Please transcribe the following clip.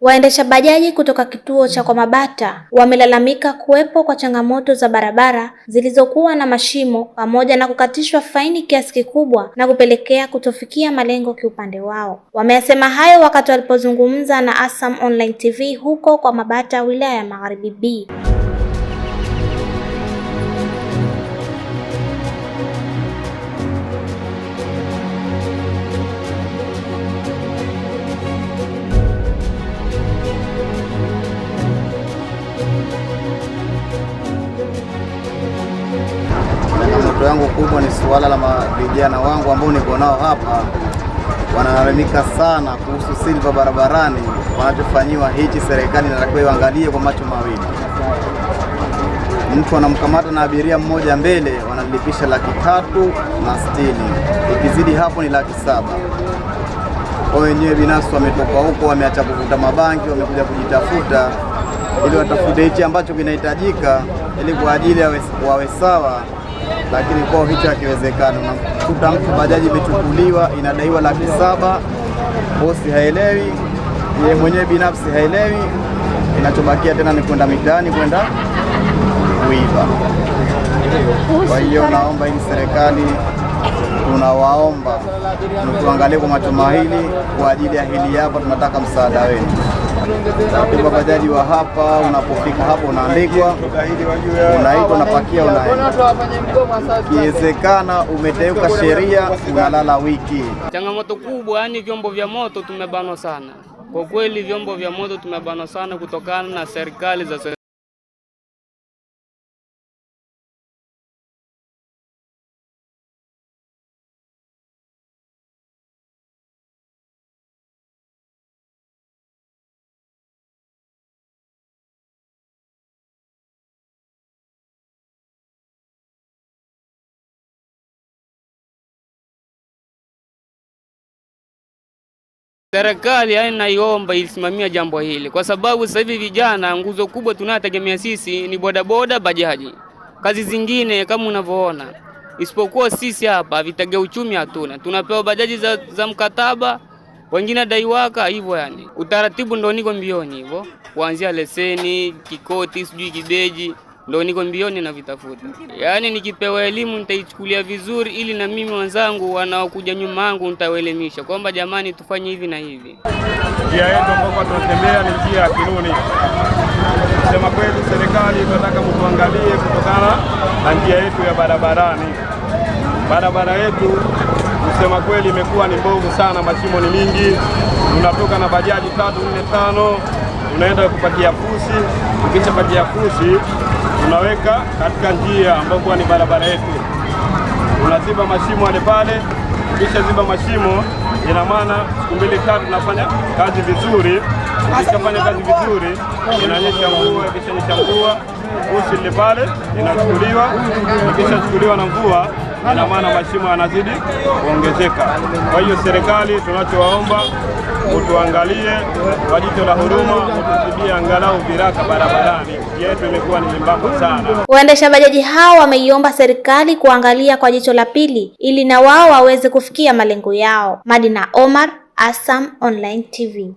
Waendesha bajaji kutoka kituo cha kwa mabata wamelalamika kuwepo kwa changamoto za barabara zilizokuwa na mashimo pamoja na kukatishwa faini kiasi kikubwa na kupelekea kutofikia malengo kiupande wao. Wameyasema hayo wakati walipozungumza na Asam Online TV huko kwa Mabata, wilaya ya Magharibi B. yangu kubwa ni suala la vijana wangu ambao niko nao hapa, wanalalamika sana kuhusu silva barabarani wanachofanyiwa hichi. Serikali inatakiwa iangalie kwa macho mawili. Mtu anamkamata na abiria mmoja mbele, wanalipisha laki tatu na sitini, ikizidi hapo ni laki saba. Kwa wenyewe binafsi wametoka huko, wameacha kuvuta mabanki, wamekuja kujitafuta ili watafute hichi ambacho kinahitajika ili kwa ajili wawe sawa lakini kwao hicho hakiwezekana. Unakuta mtu bajaji imechukuliwa inadaiwa laki saba, bosi haelewi, yeye mwenyewe binafsi haelewi, inachobakia tena ni kwenda mitaani kwenda kuiba. Kwa hiyo naomba hii serikali tunawaomba mtuangalie kwa macho mahili, kwa ajili ya hili hapa tunataka msaada wenu unapigwa bajaji wa hapa, unapofika hapo unaandikwa, unaitwa, unapakia, unaenda. Ukiwezekana umeteuka sheria, unalala wiki. Changamoto kubwa, yani vyombo vya moto tumebanwa sana kwa kweli, vyombo vya moto tumebanwa sana kutokana na serikali za Serikali yani naiomba ilisimamia jambo hili, kwa sababu sasa hivi vijana, nguzo kubwa tunayotegemea sisi ni bodaboda, bajaji, kazi zingine kama unavyoona. Isipokuwa sisi hapa vitega uchumi hatuna, tunapewa bajaji za, za mkataba, wengine daiwaka hivyo. Yani utaratibu ndio niko mbioni hivyo, kuanzia leseni, kikoti, sijui kibeji ndo niko mbioni na vitafuta. Yaani nikipewa elimu nitaichukulia vizuri, ili na mimi wenzangu wanaokuja nyuma yangu nitawaelimisha kwamba jamani, tufanye hivi na hivi. Njia yetu ambapo tunatembea ni njia ya Kinuni. Sema kweli, serikali tunataka mtuangalie kutokana na njia yetu ya barabarani. Barabara yetu kusema kweli imekuwa ni mbovu sana, mashimo ni mingi. Tunatoka na bajaji tatu nne tano, tunaenda kupatia fusi, ukishapatia fusi tunaweka katika njia ambayo kuwa ni barabara yetu, unaziba mashimo yale pale. Kisha ziba mashimo, ina maana siku mbili tatu tunafanya kazi vizuri. Ukishafanya kazi vizuri, inanyesha mvua. Ikishanyesha mvua, usi lile pale inachukuliwa, ikishachukuliwa na mvua ina maana mashimo yanazidi kuongezeka. Kwa hiyo serikali, tunachowaomba utuangalie kwa jicho la huruma, utuzibie angalau viraka barabarani yetu imekuwa ni mimbamba sana. Waendesha bajaji hao wameiomba serikali kuangalia kwa jicho la pili ili na wao waweze kufikia malengo yao. Madina Omar, ASAM Online TV.